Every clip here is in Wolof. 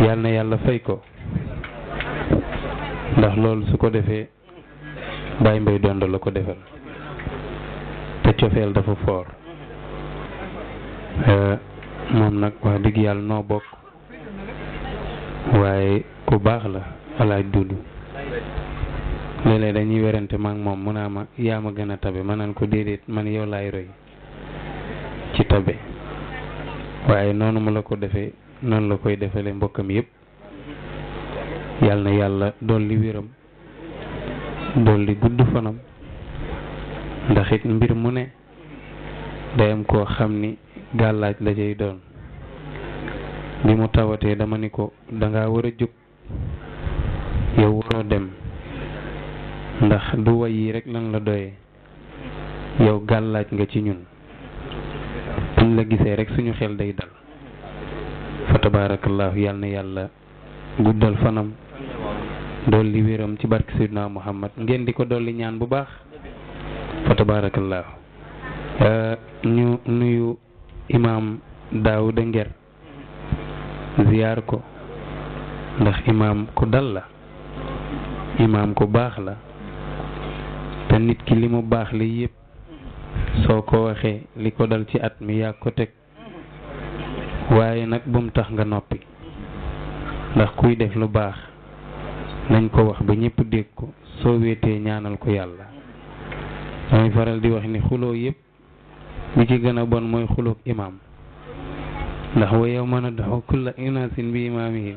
yal na yàlla fay ko ndax loolu su ko defee Baye Mbaye Donde la ko defal te cofeel dafa foor euh, moom nag wax dëgg yàlla noo bokk waaye ku baax la alaaj dudu léeg-léeg dañuy werante maak moom mu a ma yaa ma gën a tabe ma naan ko déedéet man yow laay roy ci tabe waaye noonu mu la ko defee noonu la koy defale mbokkam yépp yal na yàlla dolli wéram dolli gudd fanam ndax it mbir mu ne day koo xam ni gàllaaj la cay doon bi mu tawatee dama ni ko danga war a jóg yow waroo dem ndax du way yii rek lan la doyee yow gàllaaj nga ci ñun buñ la gisee rek suñu xel day dal fa tabaarakallaahu yal na yàlla guddal fanam dolli wéram ci barke Seydina Muhammad ngeen di ko li ñaan bu baax fa tabaarakallaahu euh, ñu nuyu imaam Daawuda Nger ziyaar ko ndax imaam ku dal la imaam ku baax la te nit ki li mu baax la yëpp soo ko waxee li ko dal ci at mi yaa ko teg waaye nag bum tax nga noppi ndax kuy def lu baax nañ ko wax ba ñëpp dégg ko soo wéetee ñaanal ko yàlla damay faral di wax ni xuloo yépp li ci gën a bon mooy xuloo imaam ndax wa yow mën a doxo kulla inaasin bi imaamihim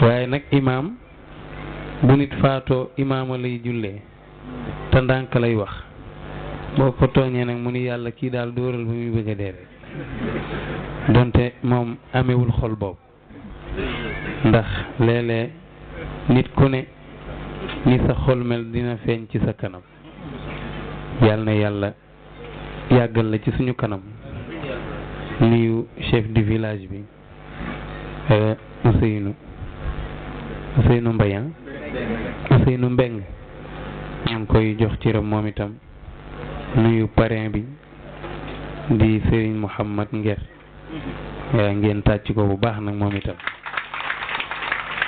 waaye nag imaam bu nit faatoo imaama lay jullee te ndànk lay wax boo ko tooñee nag mu ni yàlla kii daal dóoral ba muy bëgg dee rek donte moom amewul xol boobu ndax léeg-léeg nit ku ne ni sa xol mel dina feeñ ci sa kanam yàlla na yàlla yàggal la ci suñu kanam nuyu chef du village bi euh, Ousseynou Ousseynou Mbayan ah. Ousseynou Mbeng ñu ngi koy jox ciram moom itam nuyu parrain bi di Serigne Mouhamad Nger Eh, ngeen tàcc ko bu baax nag moom itam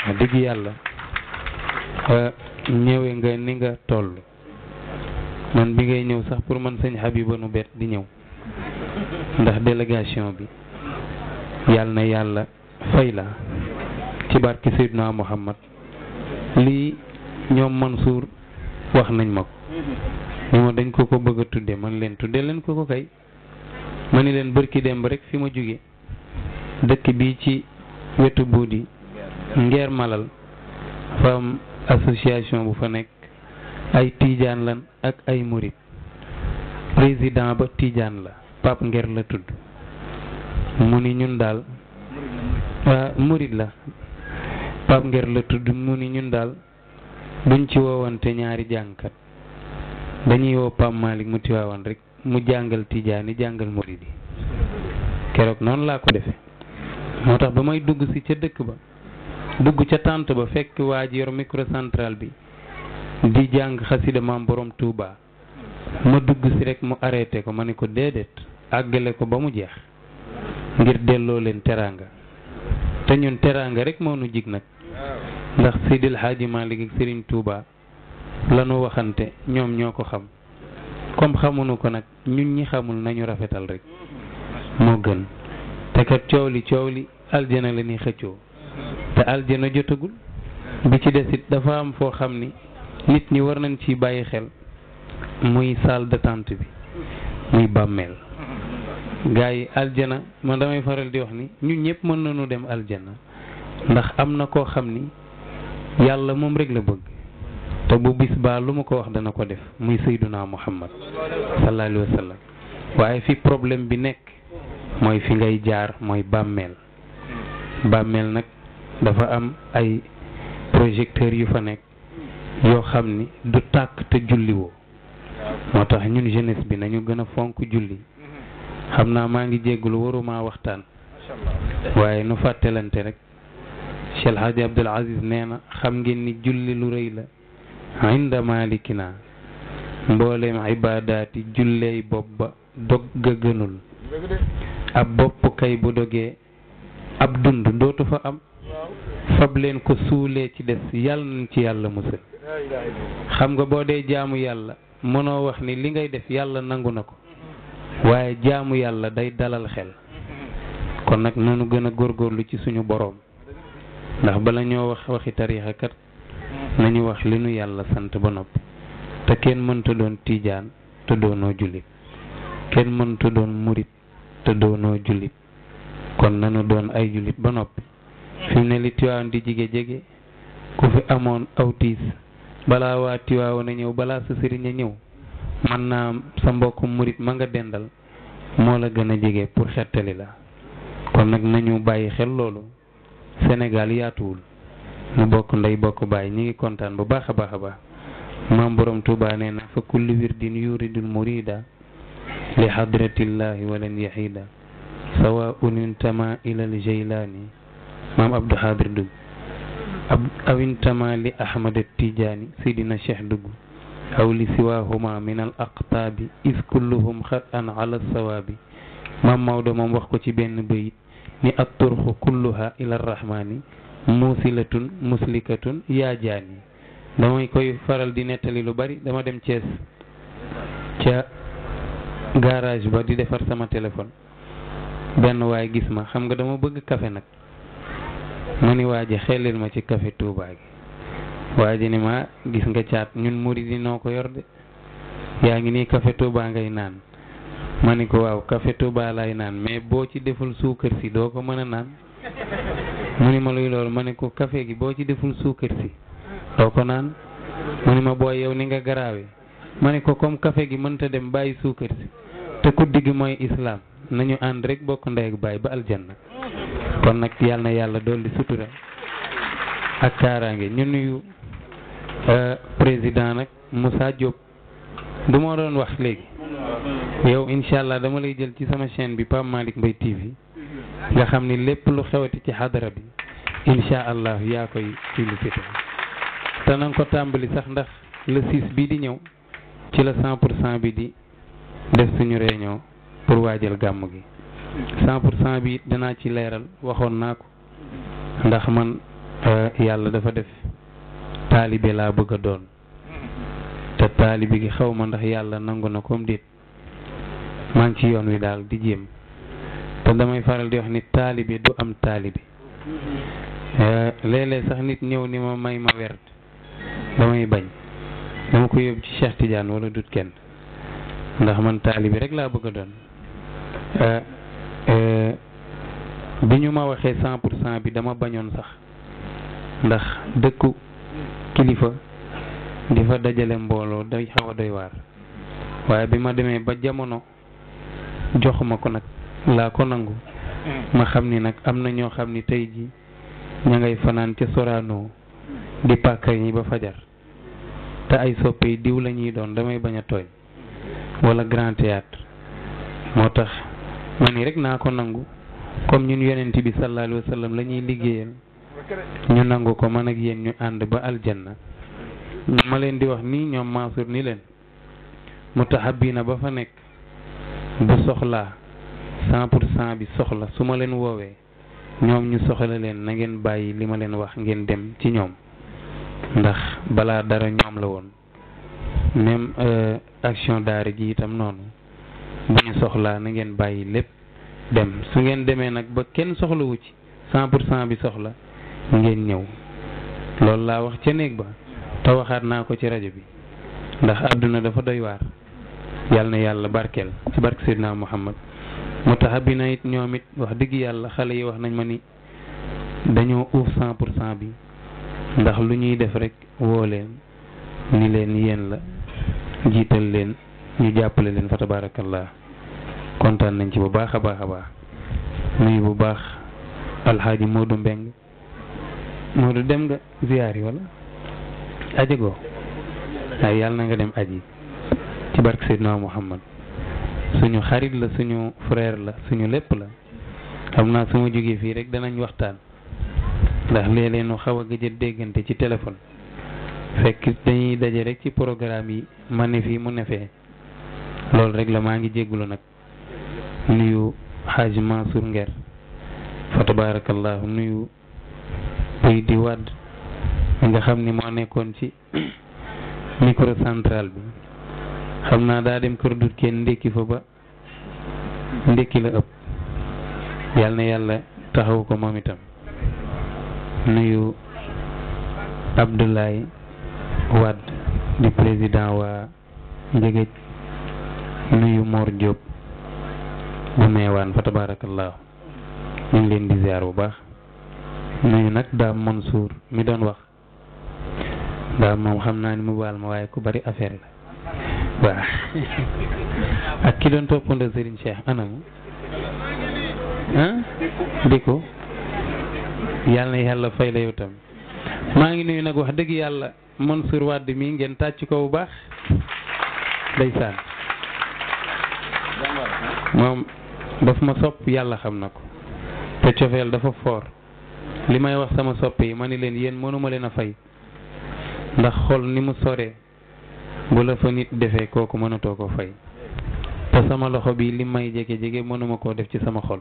wax dëgg yàlla eh, ñëwee nga ni nga toll man bi ngay ñëw sax pour man sëñ Habiba nu bett di ñëw ndax délégation bi yàlla na yàlla fay la ci barki Seydina Muhammad lii ñoom suur wax nañ ma ko mm-hmm. ni ma dañ ko ko bëgg a tudde man leen tudde leen ko ko kay ma ni leen bërki demb rek fi ma jóge dëkk bi ci wetu buudi ngeer malal fa association bu fa nekk ay tiijaan lan ak ay murit président ba tiijaan la pap ngeer la tudd mu ni ñun daal waa murit la pap ngeer la tudd mu ni ñun daal duñ ci woowante ñaari jàngkat dañuy woo Pape Malick mu tiwaawan rek mu jàngal tiijaani jàngal muridi keroog noonu laa ko defe moo tax ba may dugg si ca dëkk ba dugg ca tànt ba fekk waa ji yor micro bi di jàng xasida maam borom Touba ma dugg si rek mu arrêté ko ma ne ko déedéet àggale ko ba mu jeex ngir delloo leen teraanga te ñun teraanga rek moo nu jig nag ndax Seydil Hadji Malick ak Serigne Touba lanu waxante ñoom ñoo ko xam comme xamuñu ko nag ñun ñi xamul nañu rafetal rek moo gën te kat coow li coow li aljana la ñuy xëccoo te aljana jotagul bi ci des it dafa am foo xam ni nit ñi war nañ ci bàyyi xel muy salle d'attente bi muy bàmmeel gaa yi aljana man damay faral di wax ni ñun ñëpp mën nañu dem aljana ndax am na koo xam ni yàlla moom rek la bëgg te bu bis baa lu mu ko wax dana ko def muy sayduna muhammad sallallahu alayhi wa sallam waaye fi problème bi nekk mooy fi ngay jaar mooy bàmmeel bàmmeel nag dafa am ay projecteurs yu fa nekk yoo xam ni du tàkk te julliwoo moo tax ñun jeunesse bi nañu gën a fonk julli xam naa maa ngi jéggulu waruma waxtaan waaye nu fàttelante rek Cheikh Hadji Aziz nee xam ngeen ni julli lu rëy la inda malikina mboolem ibaadaati julley bopp ba dog ga gënul ab bopp bu dogee ab dund dootu fa am fab leen ko suulee ci des yàlla nañ ci yàlla musal xam nga boo dee jaamu yàlla mënoo wax ni li ngay def yàlla nangu na ko waaye jaamu yàlla day dalal xel kon nag nanu gën a góorlu ci suñu boroom ndax bala ñoo wax waxi tariixa nañu wax li nu yàlla sant ba noppi te kenn mënta doon tiijaan te doonoo julit kenn mënta doon murit te doonoo julit kon nanu don ay julit ba noppi fi ne li tiwaan di jige jege ku fi amoon awtiis balaa waa tiwaaw na ñëw balaa sa sëriñ a ñëw man naa sa mbokk murit ma nga dendal moo la gën a jege pour xettali la kon nag nañu bàyyi xel loolu Sénégal yaatuwul nu bokk ndey bokk baay ñi ngi kontaan bu baax a baax a baax maam borom tuuba nee na fa kullu wirdin murida li hadratillahi walan yahida sawaun intama ila al jeylaani maam abdou hadir aw intama li ahmad tijaani sidina cheikh dugg aw li siwahuma min al aqtaabi is kulluhum xat an ala sawaabi maam mawdo moom wax ko ci benn bayit ni at turxu kulluha ila arrahmaani muusilatun muslikatun yaa jaani damay koy faral di nettali lu bari dama dem Thiès ca garage ba di defar sama téléphone benn waay gis ma xam nga dama bëgg kafe nag ma ni waa ji xelil ma ci kafe Touba gi waa ji ni ma gis nga caat ñun murid yi ko yor de yaa ngi nii café Touba ngay naan ma ni ko waaw café Touba lay naan mais boo ci deful suukar si doo ko mën a naan mu ni ma luy loolu ma ne ko café gi boo ci deful suukar si doo ko naan mu ni ma booy yow ni nga garaawe ma ne ko comme kafe gi mënta dem bàyyi suukar si te kuddi gi mooy islaam nañu ànd rek bokk ndey ak baay ba aljanna kon nag yal na yàlla dolli sutura ak kaaraange ñu nuyu euh, président nag Moussa Diop du ma doon wax léegi yow incha dama lay jël ci sama chaîne bi Pape Malick Mbaye TV nga xam ni lépp lu xewati ci xadara bi incha allah yaa koy félicité te na ko tàmbali sax ndax le 6 bii di ñëw ci la 100 pour cent bi di def suñu réunion pour waa waajal gàmm gi 100 pour cent bi danaa ci leeral waxoon naa ko ndax man euh, yàlla dafa def taalibe laa bëgg a doon te taalibe gi xaw ma ndax yàlla nangu na comme déet maa ngi ci yoon wi daal di jéem. te damay faral di wax ni taalibi du am taalibi eh, léeg-léeg sax nit ñëw ni ma may ma werd damay bañ dama ko yóbbu ci Cheikh Tidiane wala dut kenn ndax man taalibi rek laa bëgg a doon eh, eh, bi ñu ma waxee cent pour cent bi dama bañoon sax ndax dëkku kilifa difa dajale mbooloo day xaw a doy waar waaye bi ma demee ba jamono joxuma ko nag laa ko nangu mm. ma xam ni nag am na ñoo xam ni tey ji ña ngay fanaan ca Sorano di pàkkar ñi ba fajar te ay soppe diw lañuy doon damay bañ a tooñ wala grand théâtre moo tax ma ni rek naa ko nangu comme ñun yonent bi sallallahu alayhi lañuy sallam liggéeyal ñu nangu ko man ak yéen ñu ànd ba aljanna ma leen di wax nii ñoom Mansour ni leen mutahabina ba fa nekk bu soxlaa cent pour cent bi soxla su ma leen woowee ñoom ñu soxla leen na ngeen bàyyi li ma leen wax ngeen dem ci ñoom ndax balaa dara ñoom la woon même euh, action daara ji itam noonu bu ñu soxlaa na ngeen bàyyi lépp dem su ngeen demee nag ba kenn soxlawu ci cent pour cent bi soxla ngeen ñëw loolu laa wax ca néeg ba te waxaat naa ko ci rajo bi ndax àdduna dafa doy waar yàlla na yàlla barkeel ci barke Seydina Muhammad moo tax bi na it ñoom it wax digg yàlla xale yi wax nañ ma ni dañoo uuf cent pour cent bi ndax lu ñuy def rek woo leen ni leen yéen la jiital leen ñu jàppale leen fa tabarakallah kontaan nañ ci bu baax a baax a baax nuyu bu baax alxaaji Modou Mbeng du dem nga ziyaar yi wala aji goo waaye yàlla na nga dem aji ci barke Seydina Muhammad suñu xarit la suñu frère la suñu lépp la xam naa su ma jógee fii rek danañ waxtaan ndax léeg-léeg xaw a gëj déggante ci téléphone fekk dañuy daje rek ci programme yi ma ne fii mu ne fee loolu rek la maa ngi jéggulu nag nuyu xaaj Mansour nger fa tabarakallahu nuyu buy di wàdd nga xam ni moo nekkoon ci micro central bi xam naa daa dem kër dut kenn ndékki fa ba ndékki la ëpp yal na yàlla taxaw ko moom itam nuyu Abdoulaye Wade di président waa Njëgëj nuyu Mor Diop bu meewaan fa tabaarakallaahu ñu leen di ziar bu baax nuyu nag daam Mansour mi doon wax daam moom xam naa ni mu baal ma waaye ku bari affaire la baax ak ki doon toppandoo Serigne Cheikh anamu ah di ko yàlla yàlla fay la yow tam maa ngi nuyu nag wax dëgg yàlla Mansour Wade mi ngeen tàcc ko bu baax ndeysaan moom daf ma sopp yàlla xam na ko te cofeel dafa foor li may wax sama sopp yi ma ni leen yéen mënuma leen a fay ndax xol ni mu soree bu la fa nit defee kooku mënatoo ko fay te sama loxo bii li may jege jege mënuma koo def ci sama xol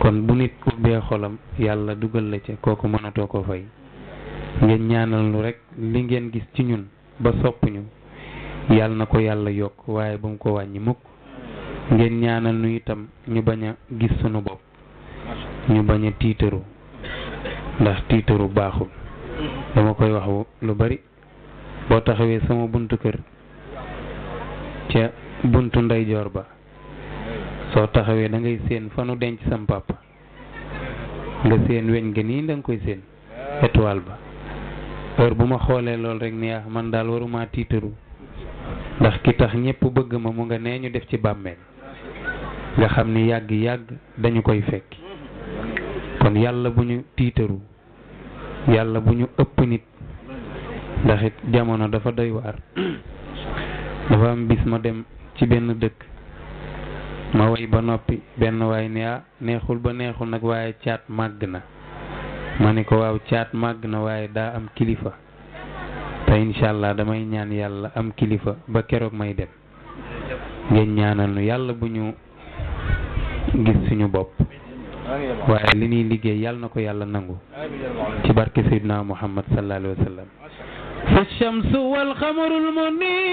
kon bu nit ubbee xolam yàlla dugal la ca kooku mënatoo ko fay ngeen ñaanal nu rek li ngeen gis ci ñun ba sopp ñu yàlla na ko yàlla yokk waaye bu mu ko wàññi mukk ngeen ñaanal nu itam ñu bañ a gis sunu bopp ñu bañ a tiitaru ndax tiitaru baaxul dama koy wax lu bari boo taxawee sama buntu kër ca buntu ndeyjoor ba soo taxawee dangay séen fanu denc sam papa nga séen weñ ga nii da koy séen étoile ba heure bu ma xoolee lool rek ni ah, man daal waruma tiitaru ndax ki tax ñépp bëgg ma mu nga nee ñu def ci bàmmeel nga xam ni yàgg yàgg dañu koy fekki kon yàlla bu ñu tiitaru yàlla bu ñu ëpp nit ndax jamono dafa doy waar dafa am bis ma dem ci benn dëkk ma woy ba noppi benn waay ne ah, neexul ba neexul nag waaye caat màgg na ma ne ko waaw caat màgg na waaye daa am kilifa te incha damay ñaan yàlla am kilifa ba keroog may dem ngeen ñaanal nu yàlla bu ñu gis suñu bopp waaye li ñuy liggéey yàlla na ko yàlla nangu ci barke Seydina Muhammad sallallahu wa sallam الشمس والخمر المنير